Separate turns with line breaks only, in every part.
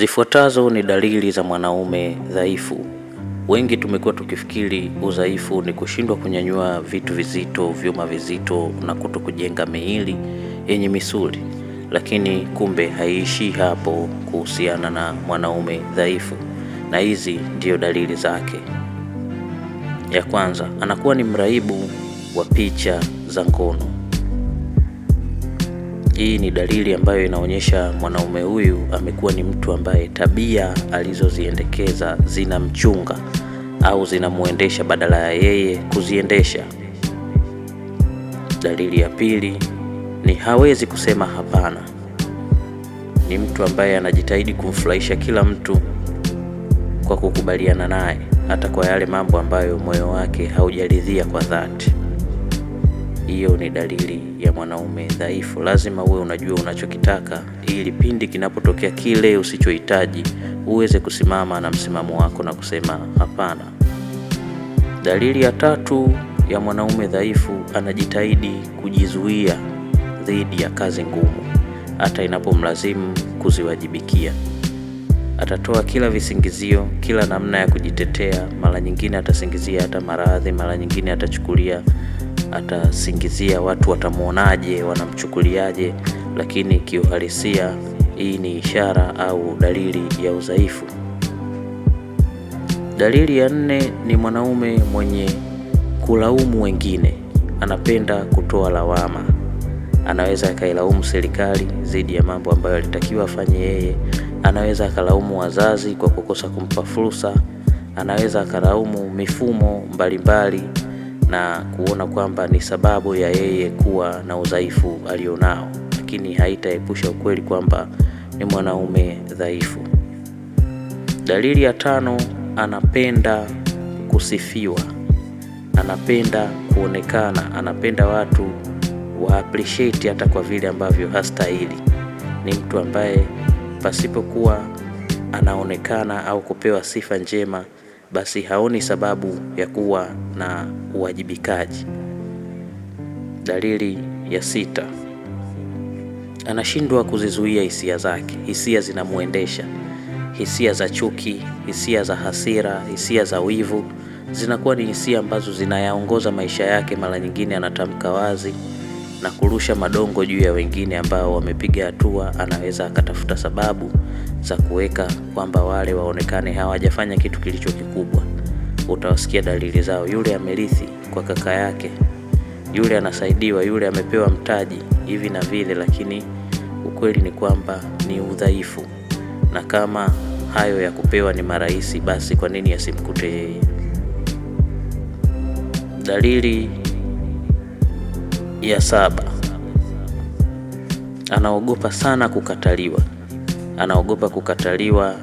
Zifuatazo ni dalili za mwanaume dhaifu. Wengi tumekuwa tukifikiri udhaifu ni kushindwa kunyanyua vitu vizito, vyuma vizito na kuto kujenga miili yenye misuli, lakini kumbe haiishi hapo kuhusiana na mwanaume dhaifu, na hizi ndiyo dalili zake. Ya kwanza, anakuwa ni mraibu wa picha za ngono. Hii ni dalili ambayo inaonyesha mwanaume huyu amekuwa ni mtu ambaye tabia alizoziendekeza zinamchunga au zinamuendesha badala ya yeye kuziendesha. Dalili ya pili ni hawezi kusema hapana. Ni mtu ambaye anajitahidi kumfurahisha kila mtu kwa kukubaliana naye hata kwa yale mambo ambayo moyo wake haujaridhia kwa dhati hiyo ni dalili ya mwanaume dhaifu. Lazima uwe unajua unachokitaka, ili pindi kinapotokea kile usichohitaji uweze kusimama na msimamo wako na kusema hapana. Dalili ya tatu ya mwanaume dhaifu, anajitahidi kujizuia dhidi ya kazi ngumu, hata inapomlazimu kuziwajibikia. Atatoa kila visingizio, kila namna ya kujitetea. Mara nyingine atasingizia hata maradhi, mara nyingine atachukulia atasingizia watu watamwonaje, wanamchukuliaje, lakini kiuhalisia hii ni ishara au dalili ya udhaifu. Dalili ya nne ni mwanaume mwenye kulaumu wengine, anapenda kutoa lawama. Anaweza akailaumu serikali dhidi ya mambo ambayo alitakiwa afanye yeye, anaweza akalaumu wazazi kwa kukosa kumpa fursa, anaweza akalaumu mifumo mbalimbali mbali na kuona kwamba ni sababu ya yeye kuwa na udhaifu alionao, lakini haitaepusha ukweli kwamba ni mwanaume dhaifu. Dalili ya tano, anapenda kusifiwa, anapenda kuonekana, anapenda watu wa appreciate hata kwa vile ambavyo hastahili. Ni mtu ambaye pasipokuwa anaonekana au kupewa sifa njema basi haoni sababu ya kuwa na uwajibikaji. Dalili ya sita, anashindwa kuzizuia hisia zake. Hisia zinamwendesha, hisia za chuki, hisia za hasira, hisia za wivu zinakuwa ni hisia ambazo zinayaongoza maisha yake. Mara nyingine anatamka wazi na kurusha madongo juu ya wengine ambao wamepiga hatua, anaweza akatafuta sababu za kuweka kwamba wale waonekane hawajafanya kitu kilicho kikubwa. Utawasikia dalili zao: yule amerithi kwa kaka yake, yule anasaidiwa, yule amepewa mtaji, hivi na vile, lakini ukweli ni kwamba ni udhaifu, na kama hayo ya kupewa ni marahisi, basi kwa nini yasimkute yeye? Dalili ya saba, anaogopa sana kukataliwa. Anaogopa kukataliwa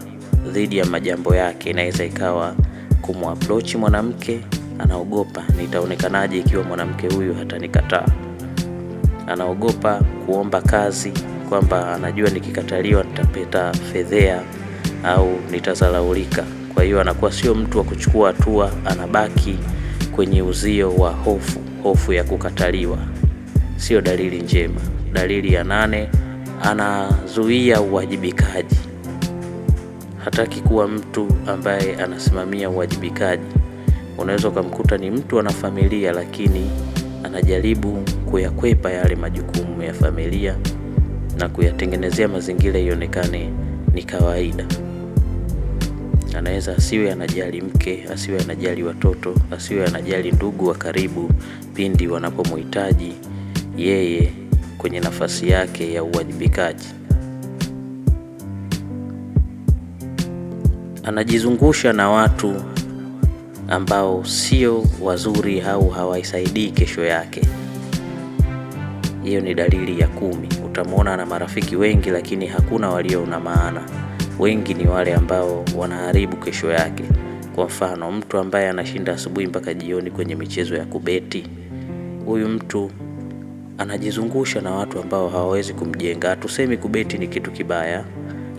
dhidi ya majambo yake. Inaweza ikawa kumapproach mwanamke, anaogopa nitaonekanaje ikiwa mwanamke huyu hatanikataa. Anaogopa kuomba kazi, kwamba anajua nikikataliwa nitapeta fedhea au nitazalaulika. Kwa hiyo anakuwa sio mtu wa kuchukua hatua, anabaki kwenye uzio wa hofu, hofu ya kukataliwa sio dalili njema. Dalili ya nane, anazuia uwajibikaji. Hataki kuwa mtu ambaye anasimamia uwajibikaji. Unaweza ukamkuta ni mtu ana familia, lakini anajaribu kuyakwepa yale majukumu ya familia na kuyatengenezea mazingira ionekane ni kawaida. Anaweza asiwe anajali mke, asiwe anajali watoto, asiwe anajali ndugu wa karibu pindi wanapomhitaji yeye kwenye nafasi yake ya uwajibikaji. Anajizungusha na watu ambao sio wazuri au hawaisaidii kesho yake. Hiyo ni dalili ya kumi. Utamwona na marafiki wengi, lakini hakuna walio na maana. Wengi ni wale ambao wanaharibu kesho yake. Kwa mfano, mtu ambaye anashinda asubuhi mpaka jioni kwenye michezo ya kubeti, huyu mtu anajizungusha na watu ambao hawawezi kumjenga. Hatusemi kubeti ni kitu kibaya,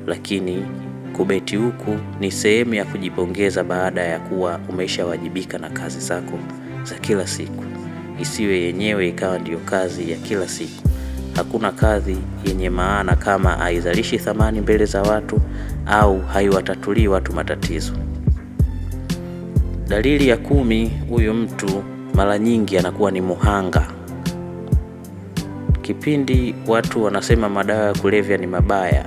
lakini kubeti huku ni sehemu ya kujipongeza baada ya kuwa umeshawajibika na kazi zako za kila siku, isiwe yenyewe ikawa ndiyo kazi ya kila siku. Hakuna kazi yenye maana kama haizalishi thamani mbele za watu au haiwatatulii watu matatizo. Dalili ya kumi, huyu mtu mara nyingi anakuwa ni muhanga kipindi watu wanasema madawa ya kulevya ni mabaya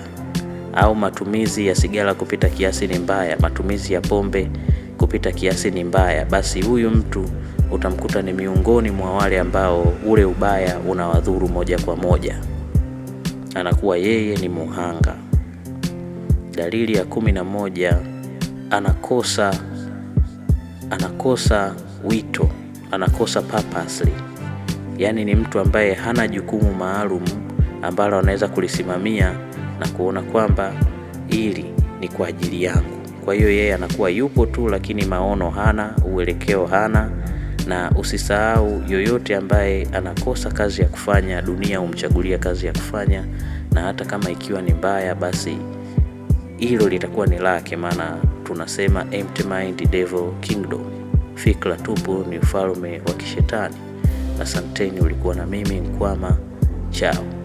au matumizi ya sigara kupita kiasi ni mbaya, matumizi ya pombe kupita kiasi ni mbaya, basi huyu mtu utamkuta ni miongoni mwa wale ambao ule ubaya unawadhuru moja kwa moja, anakuwa yeye ni muhanga. Dalili ya kumi na moja, anakosa anakosa wito, anakosa purpose yaani ni mtu ambaye hana jukumu maalum ambalo anaweza kulisimamia na kuona kwamba hili ni kwa ajili yangu. Kwa hiyo yeye anakuwa yupo tu, lakini maono hana, uelekeo hana. Na usisahau yoyote ambaye anakosa kazi ya kufanya, dunia humchagulia kazi ya kufanya, na hata kama ikiwa ni mbaya, basi hilo litakuwa ni lake, maana tunasema empty mind devil kingdom, fikra tupu ni ufalme wa kishetani. Asanteni, ulikuwa na mimi Nkwama. Chao.